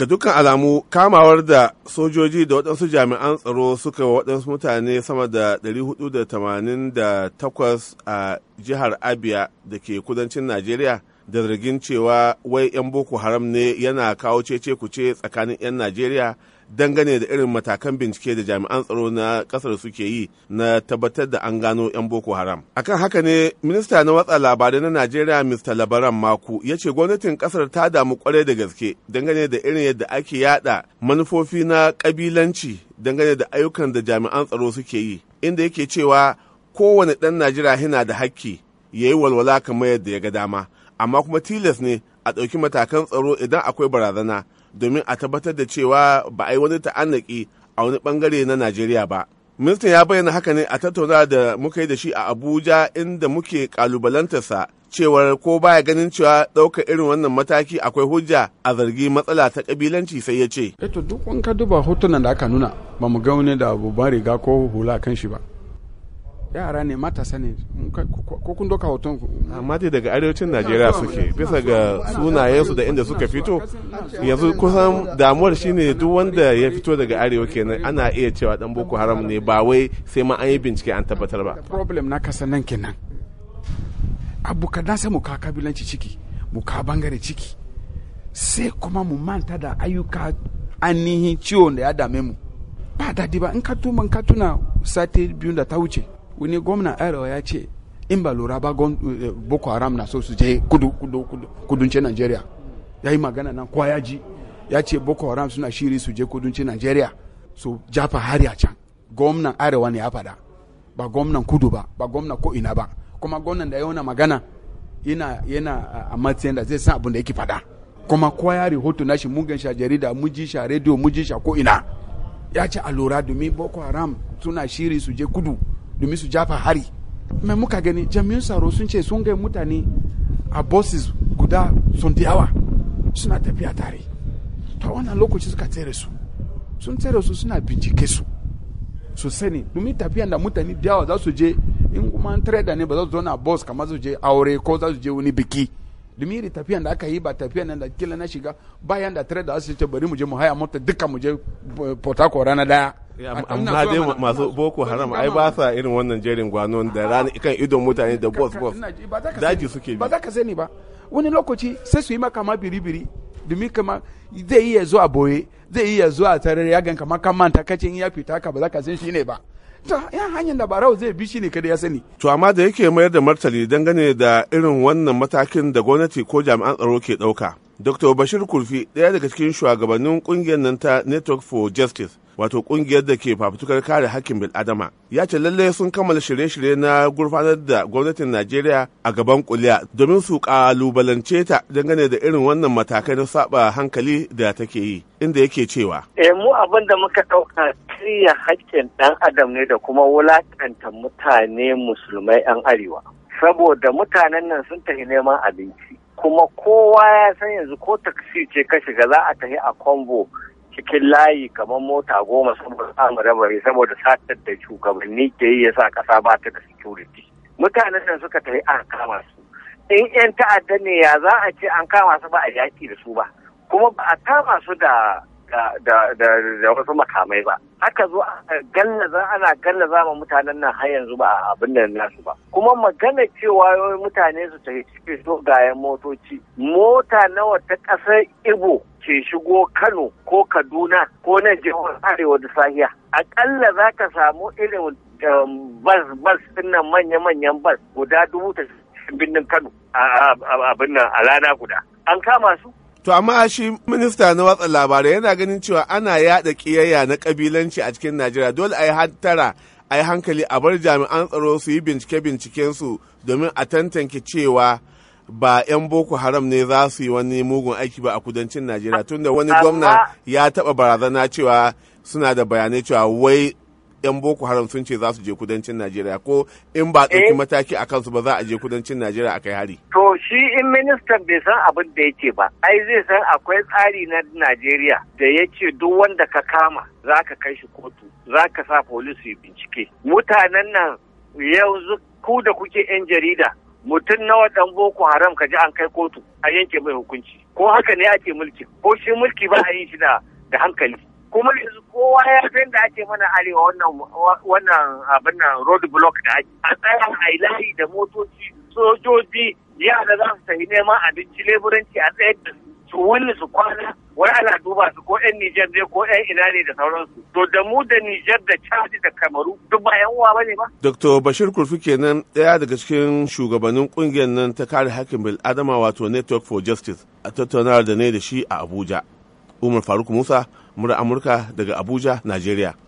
ga dukkan alamu kamawar da sojoji da waɗansu jami'an tsaro suka wa waɗansu mutane sama da 488 a jihar abia da ke kudancin najeriya da zargin cewa wai 'yan boko haram ne yana kawo cece kuce tsakanin 'yan najeriya dangane da irin matakan bincike da jami'an tsaro na kasar suke yi na tabbatar da an gano 'yan boko haram akan haka ne minista na watsa labarai na najeriya mr labaran maku ya ce gwamnatin kasar ta damu kwarai da gaske dangane da irin yadda ake yada manufofi na kabilanci dangane da ayyukan da jami'an tsaro suke yi inda yake cewa kowane ɗan najeriya yana da hakki ya yi walwala kamar yadda ya ga dama amma kuma tilas ne a ɗauki matakan tsaro idan akwai barazana domin a tabbatar da cewa ba a yi wani ta'annaki a wani bangare na Najeriya ba. Ministan ya bayyana haka ne a tattauna da muka yi da shi a Abuja inda muke kalubalantarsa cewar ko baya ganin cewa ɗaukar irin wannan mataki akwai hujja a zargi matsala ta kabilanci sai ya ce. Eto eh duk wanka duba hotunan da aka nuna ba mu ga da abu ba riga ko hula kan shi ba. yara ne matasa ne ko kun doka hoton ku amma dai daga arewacin najeriya suke bisa ga sunayensu da inda suka fito yanzu kusan damuwar shine duk wanda ya fito daga arewa kenan ana iya cewa dan boko haram ne ba wai sai ma an yi bincike an tabbatar ba problem na kasa nan kenan abu sai mu ka kabilanci ciki mu ka bangare ciki sai kuma mu manta da ayyuka ainihin ciwon da ya dame mu ba daɗi ba in ka tuma in ka tuna sati biyu da ta wuce wani gwamna arewa ya ce in ba lura ba eh, boko haram na so su je kudu kudu kudu kuduncin nigeria ya yi magana nan kwa ya ji ya ce boko haram suna shiri su je kuduncin nigeria su jafa hari a can gwamnan arewa ne ya fada ba gwamnan kudu ba ba gwamnan ko ina ba kuma gwamnan da yana magana yana yana a matsayin da zai san abin da yake faɗa kuma kowa ya na nashi mugan sha jarida muji sha rediyo muji sha ko ina ya ce a lura domin boko haram suna shiri su je kudu domin su jafa hari mai muka gani jami'un tsaro sun ce sun ga mutane a bosses guda sun yawa suna tafiya tare ta wannan lokaci suka tsere su sun tsere su suna bincike su su sani domin tafiya da mutane da yawa za su je in kuma an da ne ba za su zo na bus kamar su je aure ko za su je wani biki dumiri tafiyan da aka yi ba tafiyan nan da kila na shiga bayan da tare da asu ce bari mu je mu haya mota duka mu je Port Harcourt rana daya amma dai masu boko haram ai ba sa irin wannan jerin gwanon da rana kan idon mutane da boss boss daji suke bi ba za ka sani ba wani lokaci sai su yi maka ma biribiri domin kama zai iya zuwa boye zai iya zuwa tare ya ganka kama kan manta kacin ya fita ka ba za ka san shi ne ba ta yan hanyar da barau zai bi shi ne kada ya sani to amma da yake mayar da martali dangane da irin wannan matakin da gwamnati ko jami'an tsaro ke ɗauka dr bashir kurfi ɗaya daga cikin shugabannin ƙungiyar nan ta network for justice wato kungiyar da ke fafutukar kare hakkin bil'adama ya ce lalle sun kammala shirye-shirye na gurfanar da gwamnatin najeriya a gaban kuliya domin su kalubalance ta dangane da irin wannan matakai na saba hankali da take yi inda yake cewa eh mu abin da muka ɗauka kirya hakkin ɗan adam ne da kuma wulakanta mutane musulmai 'yan arewa saboda mutanen nan sun tafi neman abinci kuma kowa ya san yanzu ko taksi ce ka shiga za a tafi a kwambo cikin layi kamar mota goma saboda samun rabari saboda satar da shugabanni ke yi yasa kasa ba ta da security mutanen da suka tafi an kama su in yan ta'adda ne ya za a ce an kama su ba a yaki da su ba kuma ba a kama su da da wasu makamai ba aka zo gallaza ana gallaza ma mutanen nan har yanzu ba abin da nasu ba kuma magana cewa mutane su tafi cikin motoci mota nawa ta ƙasar ibo ke shigo kano ko kaduna ko na jihar arewa da sahiya akalla za ka samu irin um, bas bas nan manya-manyan bas guda dubu ta birnin kano a abin nan a rana guda an kama su To amma shi minista na watsa labarai yana ganin cewa ana yada kiyayya na kabilanci a cikin Najeriya dole a yi hattara a yi hankali a bar jami'an tsaro su yi bincike binciken su domin a tantance cewa ba 'yan boko haram ne za su yi wani mugun aiki ba a kudancin Najeriya tunda wani gwamna ya taba barazana cewa suna da bayanai cewa wai 'yan boko haram sun ce za su je kudancin najeriya ko in ba ɗauki eh. mataki a kansu ba za a je kudancin najeriya a kai hari to shi in ministan bai san abin da yake ba ai zai san akwai tsari na najeriya da ya ce duk wanda ka kama za ka kai shi kotu za ka sa polisi bincike mutanen nan yanzu ku da kuke 'yan jarida mutum nawa dan boko haram ka ji an kai kotu a yanke mai hukunci ko haka ne ake mulki ko shi mulki ba a yi shi da hankali kuma yanzu kowa ya san da ake mana arewa wannan wannan abin nan road block da ake a tsaya a layi da motoci sojoji yara za su tafi neman abinci leburanci a tsaye da su wani su kwana wai ana duba su ko yan Nijar ne ko yan ina ne da sauransu to da mu da Nijar da Chad da Kamaru duk ba yan uwa bane ba Dr Bashir Kurfi kenan daya daga cikin shugabannin kungiyar nan ta kare hakkin bil'adama wato Network for Justice a tattaunawar da ne da shi a Abuja Umar Faruk Musa, Murar Amurka daga Abuja, Najeriya.